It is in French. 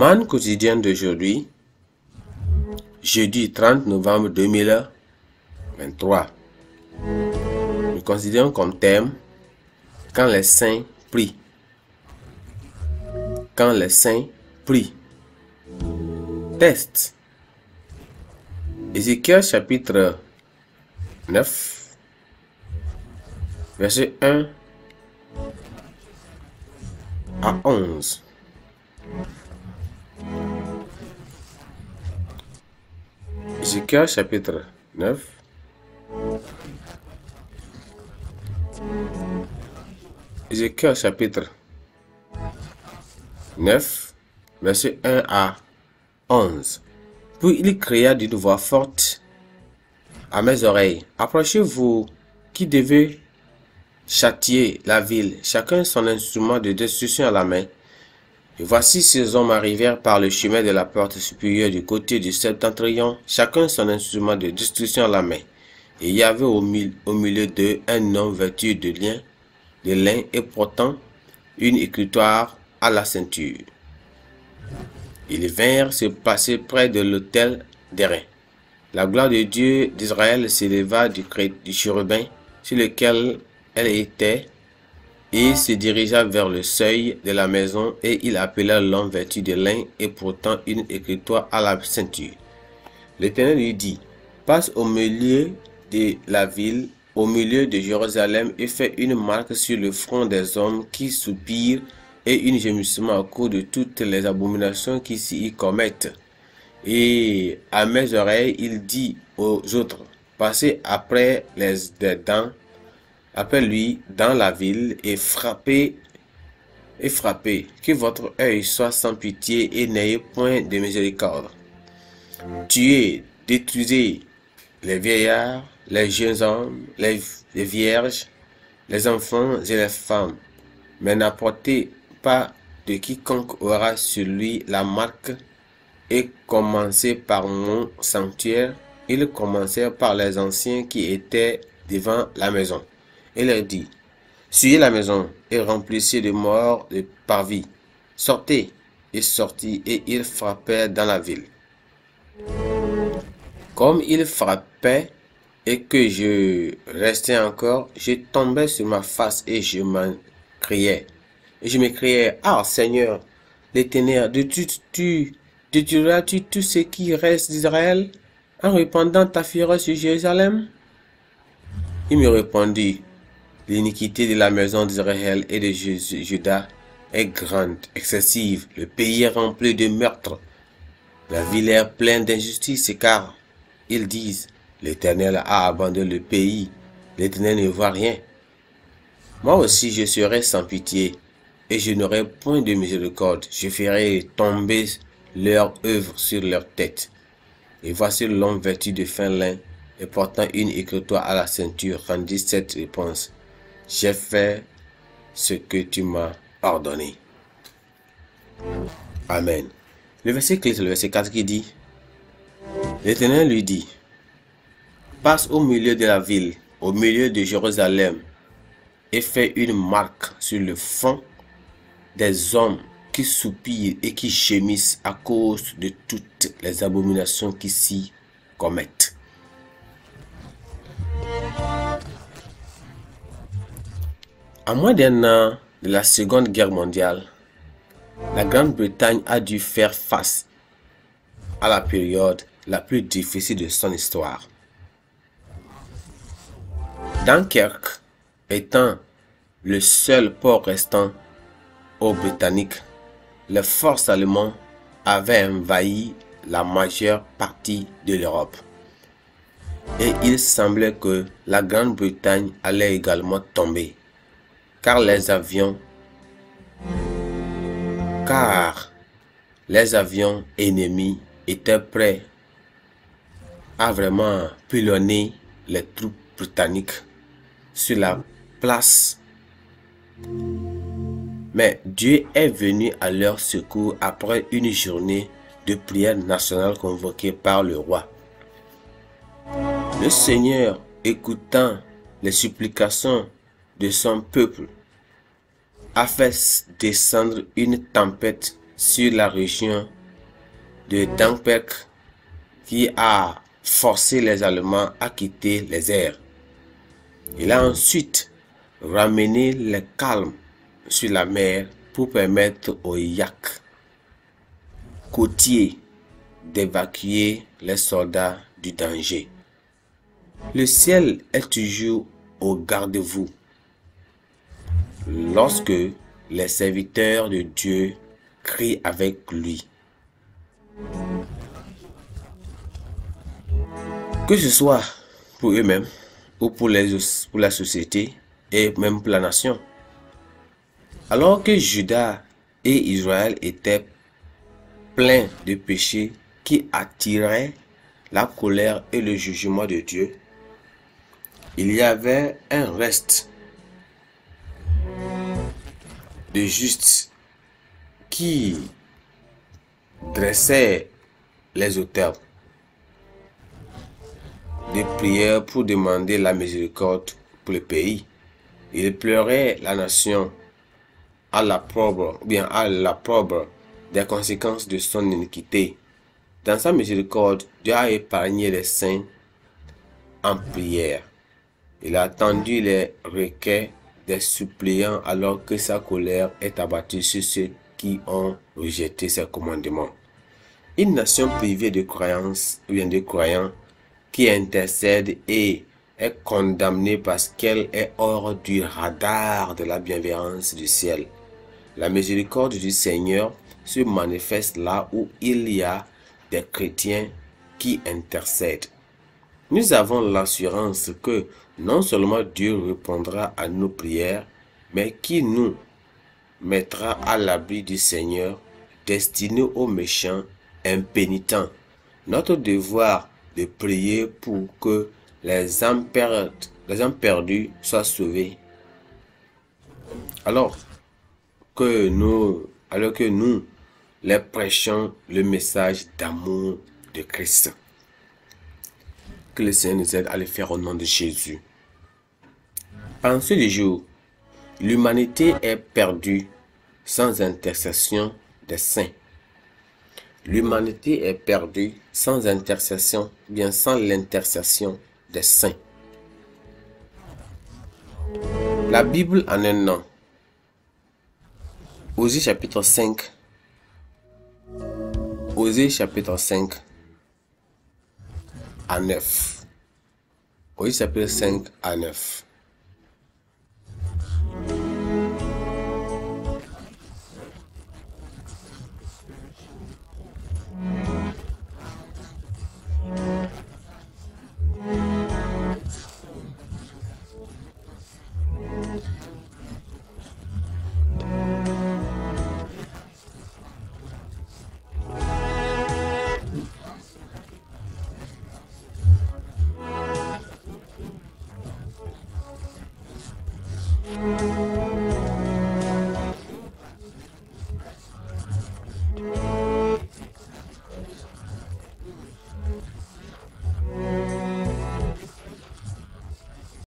Man quotidien d'aujourd'hui, jeudi 30 novembre 2023. Nous considérons comme thème Quand les saints prient. Quand les saints prient. Test. Ézéchiel chapitre 9, verset 1 à 11. Ézéchiel chapitre 9 chapitre 9 verset 1 à 11 Puis il cria d'une voix forte à mes oreilles Approchez-vous qui devez châtier la ville, chacun son instrument de destruction à la main voici ces hommes arrivèrent par le chemin de la porte supérieure du côté du septentrion, chacun son instrument de destruction à la main. Et il y avait au, milieu, d'eux un homme vêtu de lin, de lin et portant une écritoire à la ceinture. Ils vinrent se passer près de l'autel d'airain. La gloire de Dieu d'Israël s'éleva du, du chérubin sur lequel elle était il se dirigea vers le seuil de la maison et il appela l'homme vêtu de lin et portant une écritoire à la ceinture. L'Éternel lui dit, passe au milieu de la ville, au milieu de Jérusalem et fais une marque sur le front des hommes qui soupirent et une gémissement à cours de toutes les abominations qui s'y commettent. Et à mes oreilles, il dit aux autres, passez après les dents Appelle-lui dans la ville et frappez, et frappez, que votre œil soit sans pitié et n'ayez point de miséricorde. Tuez, détruisez les vieillards, les jeunes hommes, les, vierges, les enfants et les femmes, mais n'apportez pas de quiconque aura sur lui la marque et commencez par mon sanctuaire. Ils commencèrent par les anciens qui étaient devant la maison et leur dit, Suyez la maison et remplissez de morts de parvis. Sortez et sortit et ils frappèrent dans la ville. Comme ils frappaient et que je restais encore, je tombais sur ma face et je m'en criais. Et je me criais, Ah Seigneur, les de tu, tu, détruiras-tu tout ce qui reste d'Israël en répandant ta fureur sur Jérusalem? Il me répondit, L'iniquité de la maison d'Israël et de Judas est grande, excessive. Le pays est rempli de meurtres. La ville est pleine d'injustice car ils disent L'Éternel a abandonné le pays. L'Éternel ne voit rien. Moi aussi je serai sans pitié et je n'aurai point de miséricorde. Je ferai tomber leur œuvre sur leur tête. Et voici l'homme vêtu de fin lin et portant une écritoire à la ceinture rendit cette réponse j'ai fait ce que tu m'as ordonné. Amen. Le verset le verset 4 qui dit, l'Éternel lui dit, passe au milieu de la ville, au milieu de Jérusalem, et fais une marque sur le fond des hommes qui soupirent et qui gémissent à cause de toutes les abominations qui s'y commettent. À moins d'un an de la Seconde Guerre mondiale, la Grande-Bretagne a dû faire face à la période la plus difficile de son histoire. Dunkerque étant le seul port restant aux Britanniques, les forces allemandes avaient envahi la majeure partie de l'Europe. Et il semblait que la Grande-Bretagne allait également tomber car les avions car les avions ennemis étaient prêts à vraiment pilonner les troupes britanniques sur la place. Mais Dieu est venu à leur secours après une journée de prière nationale convoquée par le roi. Le Seigneur, écoutant les supplications de son peuple, a fait descendre une tempête sur la région de Dunkerque qui a forcé les Allemands à quitter les airs. Il a ensuite ramené le calme sur la mer pour permettre aux yaks côtiers d'évacuer les soldats du danger. Le ciel est toujours au garde-vous lorsque les serviteurs de Dieu crient avec lui. Que ce soit pour eux-mêmes ou pour, les, pour la société et même pour la nation. Alors que Judas et Israël étaient pleins de péchés qui attiraient la colère et le jugement de Dieu, il y avait un reste de justes qui dressait les auteurs de prières pour demander la miséricorde pour le pays. Il pleurait la nation à la bien à la probre des conséquences de son iniquité. Dans sa miséricorde, Dieu a épargné les saints en prière. Il a attendu les requêtes des alors que sa colère est abattue sur ceux qui ont rejeté ses commandements. Une nation privée de croyances ou bien de croyants qui intercède et est condamnée parce qu'elle est hors du radar de la bienveillance du ciel. La miséricorde du Seigneur se manifeste là où il y a des chrétiens qui intercèdent nous avons l'assurance que non seulement Dieu répondra à nos prières, mais qui nous mettra à l'abri du Seigneur, destiné aux méchants impénitents. Notre devoir de prier pour que les âmes, perdues, les soient sauvées. Alors que nous, alors que nous les prêchons le message d'amour de Christ le Seigneur nous aide à le faire au nom de Jésus. Pensez du jour, l'humanité est perdue sans intercession des saints. L'humanité est perdue sans intercession, bien sans l'intercession des saints. La Bible en un nom. Osée chapitre 5. Osée chapitre 5 à 9. Oui, ça peut être 5 à 9.